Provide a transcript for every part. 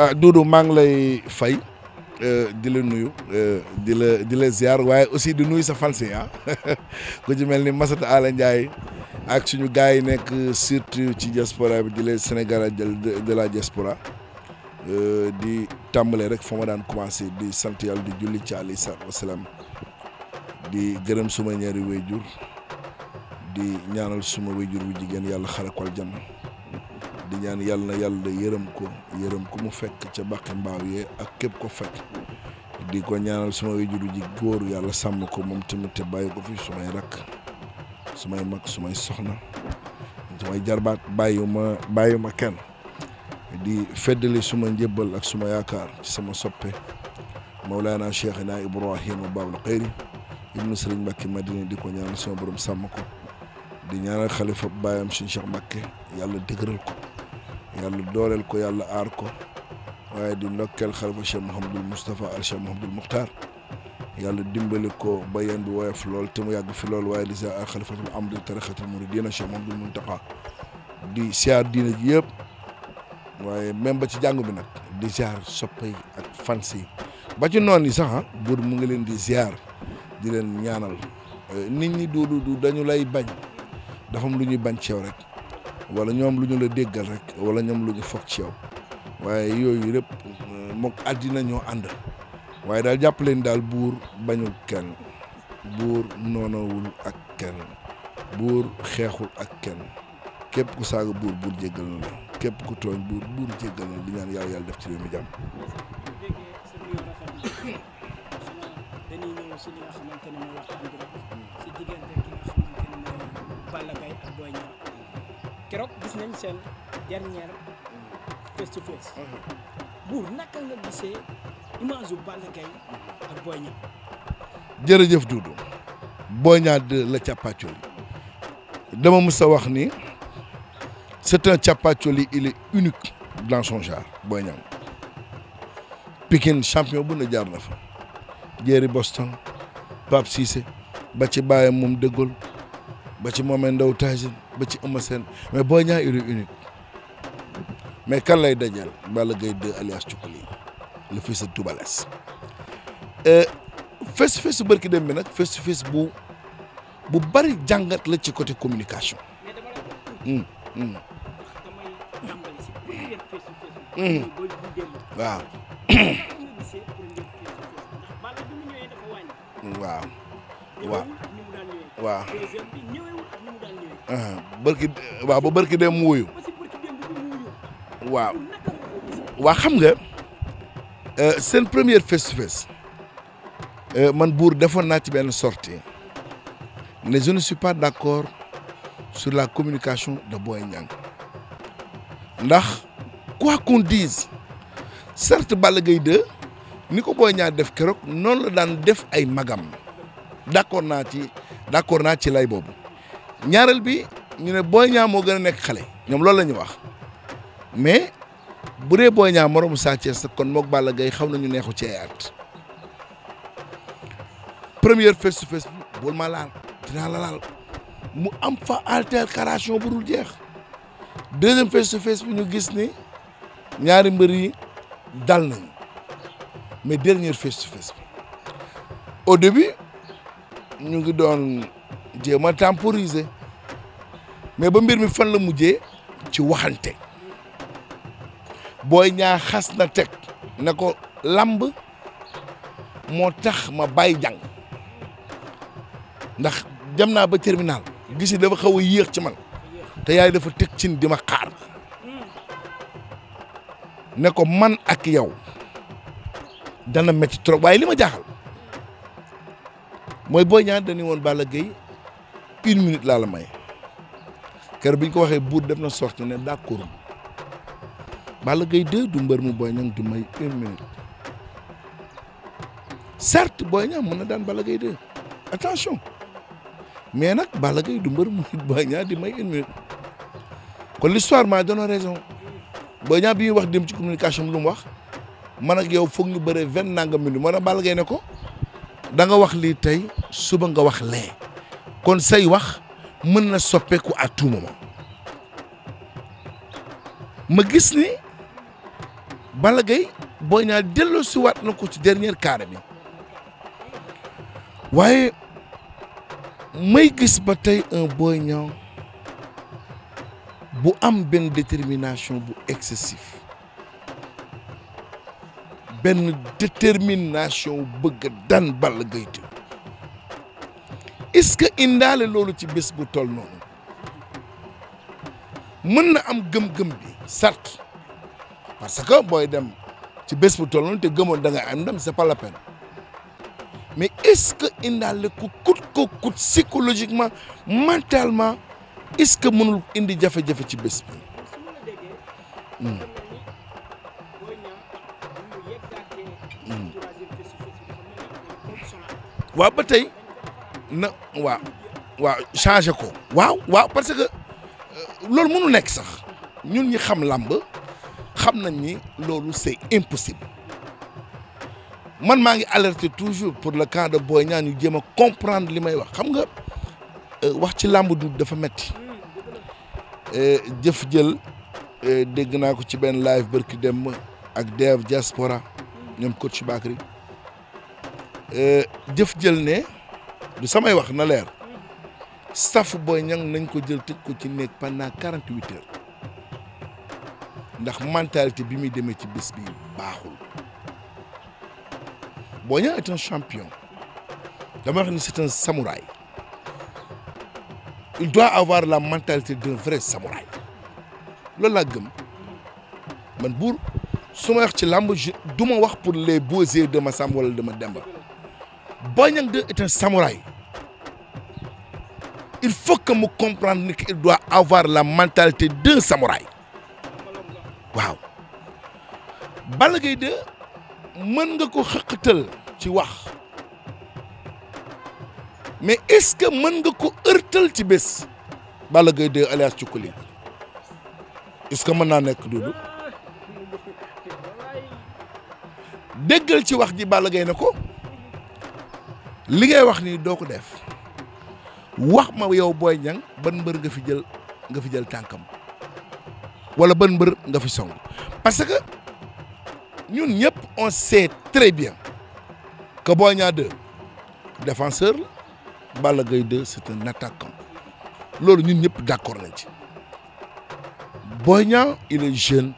ah Doudou maa ngi lay fay euh, di la nuyu euh, di la di la ziar waaye aussi di nuyu sa fans yi ah ku ci mel ni Massata Ala Ndiaye ak suñu gars yi nekk surtout ci diaspora bi di la Sénégal de la diaspora euh, di tàmbale rek fa ma daan commencé di sant yàlla di julli ci alayhi salaatu wasalaam di gërëm suma ñaari wayjur di ñaanal suma wayjur bu jigéen yàlla xaral ko aljanna di ñaan yàlla na yàlla yërëm ko yërëm ko mu fekk ca baqi mbaaw yee ak képp ko fekk di ko ñaanal suma wéjuru ji góor yàlla sàmm ko moom tamit te bàyyi ko fi sumay rakk sumay soxna sumay jarbaat bàyyu ma bàyyu ma kenn di feddali suma njëbbal ak suma yaakaar ci sama soppe Mawlana Cheikhina Ibrahima Babul Xayri ibnu Sëriñ Mbàkke Madina di ko ñaanal suma borom sàmm ko di ñaanal xalifa baayam suñu Cheikh Mbàkke yàlla dëgëral ko yàlla dooleel ko yàlla aar ko waaye di ndokkeel xalifa Cheikh Mouhamadul Moustapha al Cheikh Mouhamadul Muxtaar yàlla dimbali ko ba yéen bi woyof lool te mu yàgg fi lool waaye di ziar xalifatul amdi tarixatul muridina Cheikh Mouhamadul Muntaqa di ziar diina ji yëpp waaye même ba ci jàng bi nag di ziar soppe yi ak fans yi ba ci noon yi sax buur mu ngi leen di ziar di leen ñaanal nit ñi du du dañu lay bañ dafa am lu ñuy bañ ceew rek. wala ñoom lu ñu la déggal rek wala ñoom lu ñu foog ci yow waaye yooyu yëpp euh, mook àddina ñoo ànd waaye daal jàpp leen daal buur bañul kenn buur noonawul ak kenn buur xeexul ak kenn képp ku saaga buur buur jéggal na la képp ku tooñ buur buur jéggal na li ñaan yàlla yàlla def ci réew mi seen dernière face to mhm. buur naka nga gisee image yu Balla Gaye ak Boy Niang jërëjëf Doudou Boy Niang 2 la càppaacoli dama mës wax ni c'est un càppaacoli il est unique dans son genre Boy champion bu ne jaar na fa Jerry Boston Pape Cissé ba ci bàyyam moom dëggal ba ci moomee Ndaw Taïsine ba ci Eumeu mais Boy Niang uri unique mais kan lay dajeel Balla Gaye 2 alias Cukkuli le fils de Double Less fees euh, fees bërki dem bi nag fees fees bu bu bari jàngat la ci côté communication. Hmm, hmm. waaw. waaw. bërki waaw ba bërki dem wuyu waaw waa xam nga euh, seen première face to euh, man buur defoon naa ci benn sortie ne je ne suis pas d'accord sur la communication de Boy Niang ndax quoi qu'on sert certes Balla Gaye 2 ni ko Boy Niang def keroog noon la daan def ay magam d'accord naa ci d'accord naa ci lay boobu ñaareel bi ñu ne Boy Niang moo gën a nekk xale ñoom loolu la ñu wax mais bu dee Boy Niang moromu Sa Thiès kon moog Balla Gaye xaw ñu neexu ci at première face to face bi bul ma laal dinaa la laal mu am fa altercation bu dul jeex deuxième face to bi ñu gis ni ñaari mbër yi dal nañu mais dernière face to début ñu ngi doon. jéem a temporiser mais ba mbir mi fan la mujjee ci waxante booy ñaa xas na teg na ko lamb moo tax ma bàyyi jàng ndax dem naa ba terminal gis dafa xaw a yéex ci man te yaay dafa teg cin di ma xaar ne ko man ak yow dana métti trop waaye li ma jaaxal mooy booy ñaan dañu woon Balla Gaye une minute laa la may kër bi ñu ko waxee buur def na sorti ne d'accord Balla Gaye 2 du mu Boy Niang di may une minute certes Boy Niang mën a daan bala Gaye 2 attention mais nag Balla Gaye du mu Boy Niang di may une minute kon l'histoire m'a donné raison Boy Niang bi wax dem ci communication lu mu wax man ak yow foog ñu bëree vingt nangam minutes moo tax Balla Gaye ne ko da nga wax lii tey suba nga wax lee kon say wax mën na soppeeku à tout moment ma gis ni Balla Gaye Boy Niang delloo si waat na ko ci dernier carré waaye may gis ba tey un Boy Niang bu am benn détermination bu excessif benn détermination bëgg daan Balla Gaye est-ce que indaale loolu ci bés bu toll noonu mën na am gëm-gëm bi certes parce que booy dem ci bés bu toll noonu te gëmoon da am ndam c'est pas la peine mais est-ce que indaale ku kut ko kut psychologiquement mentalement est-ce que mënul indi jafe-jafe ci bés bi. waaw ba tey. na waaw waaw changé ko waaw waaw parce que euh, loolu mënu nekk sax ñun ñi xam làmb xam nañ ni loolu c'est impossible man maa ngi alerte toujours pour le camp de Boy Niang ñu jéem a comprendre li may wax xam nga euh, wax ci làmb du dafa metti euh, jëf jël dégg naa ko ci benn live bërki dem ak Dev Diaspora ñoom coach Bakri jëf jël ne du samay wax na leer safu Boy Niang nañ ko jël tëj ko ci néeg pendant quarante huit ndax mentalité bi muy demee ci bés bi baaxul Boy Niang est un champion dama wax ni c'est un samouraï il doit avoir la mentalité d'un vrai samouraï loolu laa gëm man buur su ma wax ci làmb je du ma wax pour les beaux yeux de ma Samba wala de ma Demba Boy Niang 2 est un samouraï il faut que mu comprendre ni qu'il doit avoir la mentalité d'un samouraï waaw bala Gaye 2 mën nga ko xëqatal ci wax mais est-ce que mën nga ko ërtal ci bés Balla Gaye 2 alias Cukkuli est-ce mën naa nekk Doudou déggal ci wax ji Balla Gaye na ko li ngay wax nii doo ko def wax ma yow booy ñaŋ ban mbër nga fi jël nga fi jël tànkam wala ban mbër nga fi song parce que ñun ñëpp on sait très bien que Boy Niang 2 défenseur la Balla Gaye 2 c'est un loolu ñun ñëpp d'accord nañ ci Boy Niang il est jeune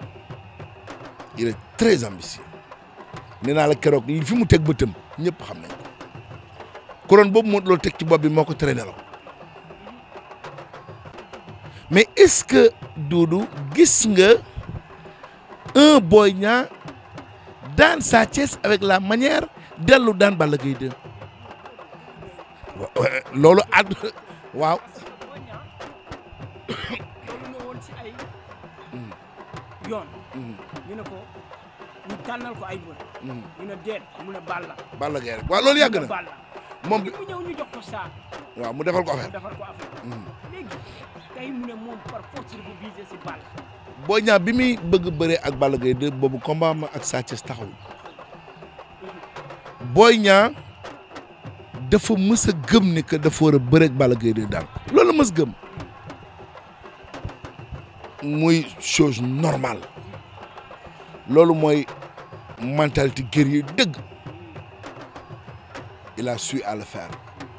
il est très ambitieux la keroog li fi mu teg bëtam ñëpp xam nañ ko couronne boobu moo loolu teg ci bopp bi moo ko traîné la mais est-ce que Doudou gis nga un Boy Niang daan Sa Thiès la manière dellu daan Balla Gaye 2 loolu àdd waaw yoon ñu ne ko ñu tànnal ko ay mbër Balla Balla Gaye loolu yàgg na moom bi mu ñëw ñu jox ko waaw mu defal ko affaire mu defal tey mu bi muy bëgg bëree ak Balla Gaye 2 boobu combat ma ak Sa Thiès booy ñaa Niang dafa mës gëm ni que dafa war a bëree ak Balla Gaye 2 daal loolu la mës gëm muy chose normale loolu mooy mentalité guerrier dëgg il a à le faire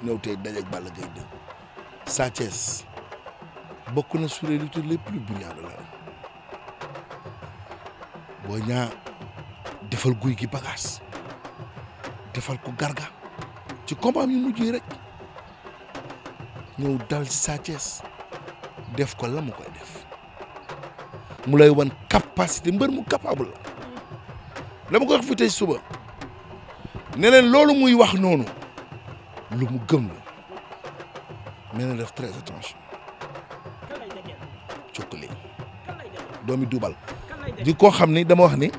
ñëw tey dajeeg Balla Gaye 2 bokk na sur les lutteurs les plus brillants de l'arène defal guy gi bagage defal ko garga ci combat yu mujj yi rek ñëw dal ci Sa def ko la mu koy def mu lay wan capacité mbër mu capable la dama ko wax fi suba ne loolu muy wax noonu lu mu gëm la mais na def attention doomi duubal di koo xam ni dama wax ni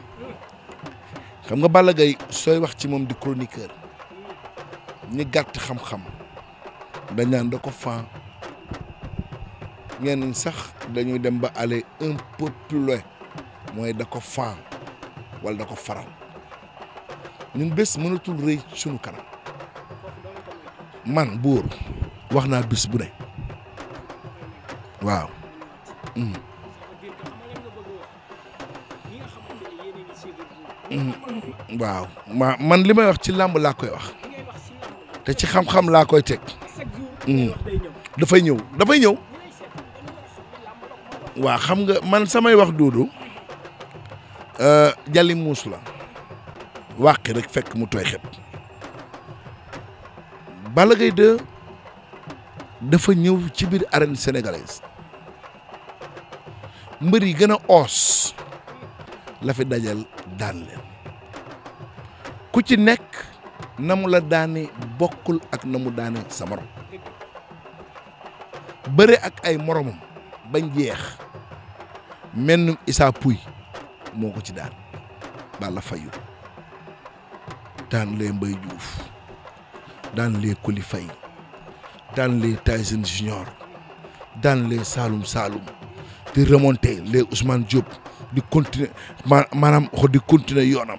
xam nga bala Gaye sooy wax ci moom di chroniqueur ñi gàtt xam-xam dañ naan da ko fan ñenn sax dañuy dem ba aller un peu mooy da ko fan wala da ko faral ñun bés mënatul rëy sunu kanam man buur wax naa bés bu ne waaw. Hmm. waaw ma man li may wax ci làmb laa koy wax te ci xam-xam laa koy teg mm. dafay ñëw dafay ñëw waaw xam nga man samay wax duudu euh, jali muus la wàqi rek fekk mu tooy xet Balla Gaye dafa ñëw ci biir arène sénégalaise mbër yi gën a oos lafi fi dajal daan leen ku ci nekk na mu la daane bokkul ak na mu daane sa morom bëre ak ay moromam bañ jeex mennum isaa puy moo ko ci daan bala fayu daan lee mbay juuf daan lee kuli fay daan lee Tyson Junior daan lee saalum saalum di remonté les Ousmane Diop di continuer maanaam xo di continuer yoonam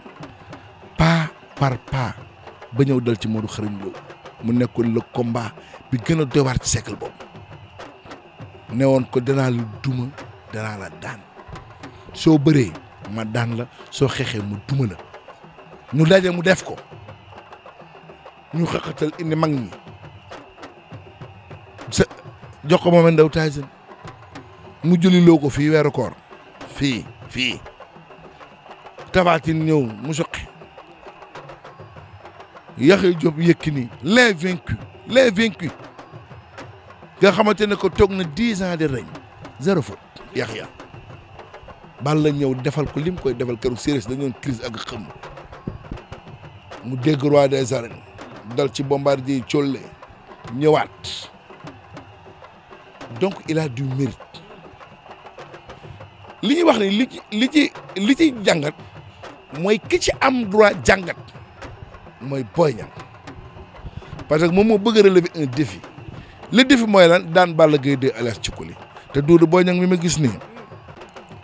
pas par pas ba ñëw dal ci Modou Xarañ Lo mu nekkoon le combat bi gën a doy waar ci siècle boobu ne woon ko danaa la duma danaa la daan soo bëree ma daan la soo xeexee mu duma la ñu daje mu def ko ñu xëqatal indi mag ñi sa jox ko moom Ndao Tyson mu ko fii weeru koor fii fii tabatin ñëw mu suqi Yaxya Jóob Yékini les vaincus les vaincus nga xamante ne ko toog na dix ans de règne zéro faute Yaxya Balla ñëw defal ko lim koy defal këru Sereer dañu doon crise ak xëm mu dégg roi des arènes dal ci bombardier yi colle ñëwaat donc il a du mérite li ñuy wax ni li ci li ci li ci jàngat mooy ki ci am droit jàngat mooy Boy Niang parce que moom moo bëgg a relever un défi le défi mooy lan daan Balla Gaye 2 alias te Doudou booy Niang mi ma gis nii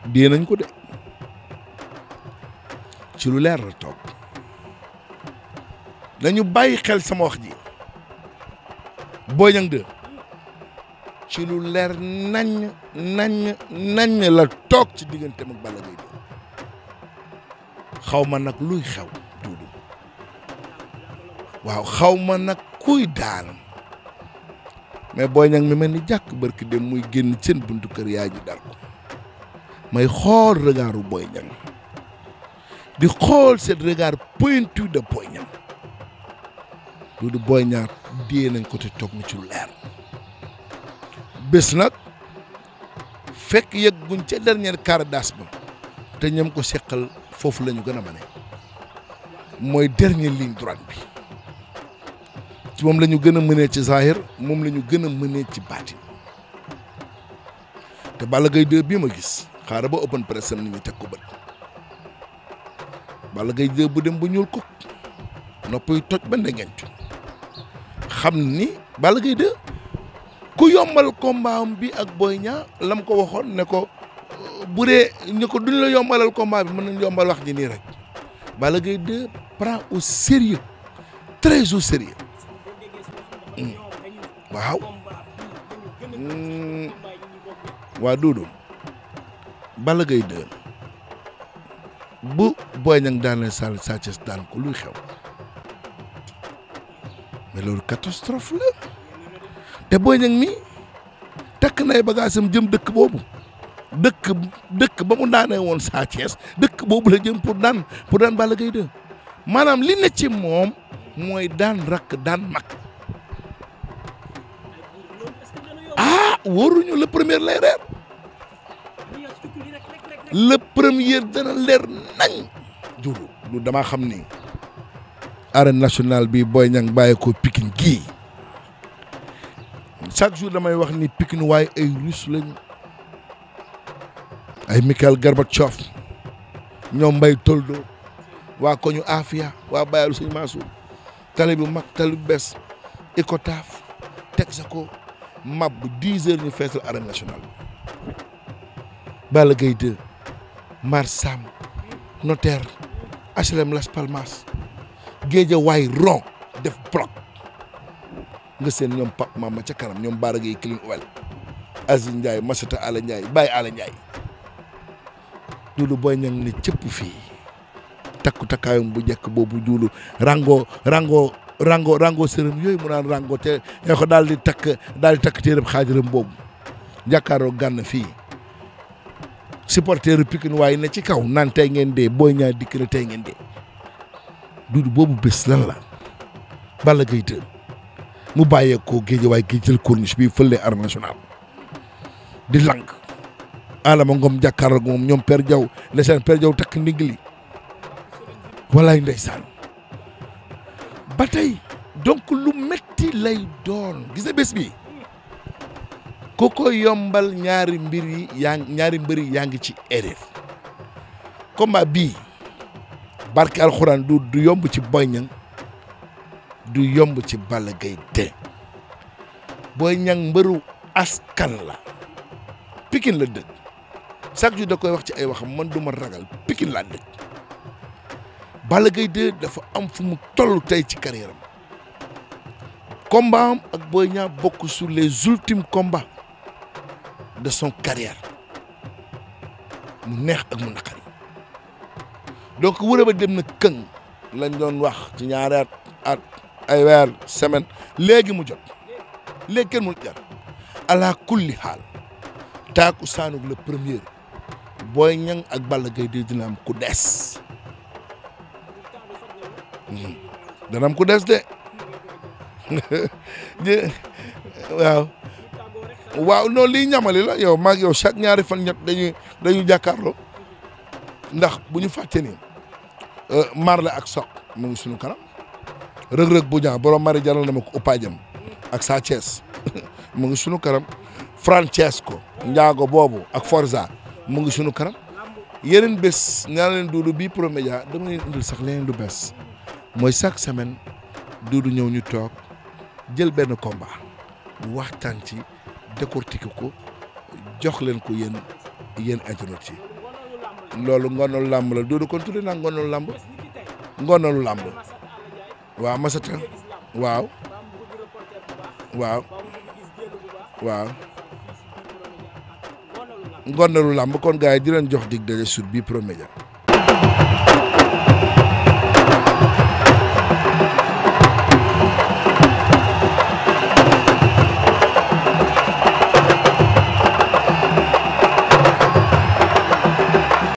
dee nañ ko de ci lu leer la toog bàyyi xel sama wax ji Boy Niang ci lu leer nañ nañ nañ la toog ci diggante ak Balla Gaye xaw ma nag luy xew duudu waaw xaw ma nag kuy daan mais booy ñang mi mel ni jàkk barki dem muy génn seen buntu kër yaay ji dar ko may xool regardu booy ñang di xool seen regard pointu de booy ñang duudu booy ñaar dee nañ ko te toog mu ci leer bés nag fekk yëg guñ ca dernier quart d'as ba te ñam ko seqal foofu lañu ñu gën a mane mooy dernier ligne droite bi ci moom lañu ñu gën a mënee ci zahir moom lañu ñu gën a mënee ci baatin te Balla Gaye 2 bii ma gis xaaral ba open press am ñu teg ko bët Balla Gaye 2 bu dem bu ñuul ko nopp yi toj ba ndengeent xam ni Balla Gaye 2 ku yombal combat am bi ak Boy Niang lam ko waxoon ne ko bu dee ne ko duñ la yombalal combat bi mën nañ yombal wax ji nii rek Balla Gaye 2 prend au sérieux très au sérieux hmm. waaw hmm. waa Doudou Balla Gaye 2 bu Boy Niang daan la Sa Thiès daan ko luy xew mais catastrophe la te booy Niang mi takk nay bagaasam jëm dëkk boobu dëkk ba mu daanee woon Sa dëkk boobu la jëm pour daan pour daan Balla Gaye 2 maanaam li ne ci moom mooy daan rakk daan mag ah wóoruñu le premier lay reer le premier dana leer nañ julu lu damaa xam ni arène national bi Boy Niang bàyyi ko Pikine gii chaque jour damay wax ni Pikine waaye ay russe lañu ay Mikhail Gorbatchev ñoo Mbaye Toldo waa koñu Afia waa Bayalu Sëñ Mansour tali bu mag tali bu bees Icotaf Texaco mab bu dix heures ñu feesal arène nationale Balla Gaye 2 Mar Sam Las Palmas Guédiawaye rond def bloc nga seen ñoom Pape ma ca ñoom Baara Gueye Kilim Ouel Aziz Ndiaye Massata Ala Ndiaye Baye Ala Ndiaye duulu booy ñang bu njëkk boobu duulu rango rango rango rango sërëm yooyu mu naan rango te eh, takk daal di takk téeram xaajaram boobu jàkkaaroo na ci kaw naan ngeen dee booy ñaa ngeen dee duulu la Balla Gaye mu bàyyeekoo géej waaye kii jël corniche bi fële arène nationale di lank Adama Ngom jàkkaarloog moom ñoom per Diaw ndeysaan per Diaw takk ndigg li walaay ndeysaan ba tey donc lu metti lay doon gis na bi ku ko yombal ñaari mbir yi yaa ngi ci erreur combat bii barke alxuraan du yomb ci Boy du yomb ci Balla Gaye 2 Boy mbëru askan la Pikine la dëkk chaque jour da koy wax ci ay waxam man duma ragal Pikine laa dëkk Balla Gaye 2 dafa am fu mu toll tey ci carrière am ak Boy Niang bokk sur les ultimes combats de son carrière mu neex ak mu naqari donc wërëb ba dem na këng lañ doon wax ci ñaari at at ay weer semaine léegi mu jot léegi kenn mu jar ala kulli xaal taaku saanug le premier Boy Niang ak Balla Gaye di dina ku des hmm, dana am des de waaw waaw non lii ñamali la yow maag yow chaque ñaari fan ñett dañuy dañuy jàkkaarloo ndax bu ñu fàtte ni euh, mar ak soq mu ngi kanam rëg-rëg bu ñaa borom mari jaral na ma ko uppaajam ak saa Thiès mu ngi sunu karam Francesco Ndiago boobu ak Forza mu ngi sunu karam yeneen bés ñaa leen bi bii promédia dama leen sax leneen lu bees mooy chaque semaine dudu ñëw ñu toog jël benn combat waxtaan ci décortiquer ko jox leen ko yéen yéen internet yi loolu ngoonu làmb la Doudou kon tuddee naa waaw Masata waaw waaw waaw ngonalu làmb kon gars yi di leen jox dig daje sur Bprod Media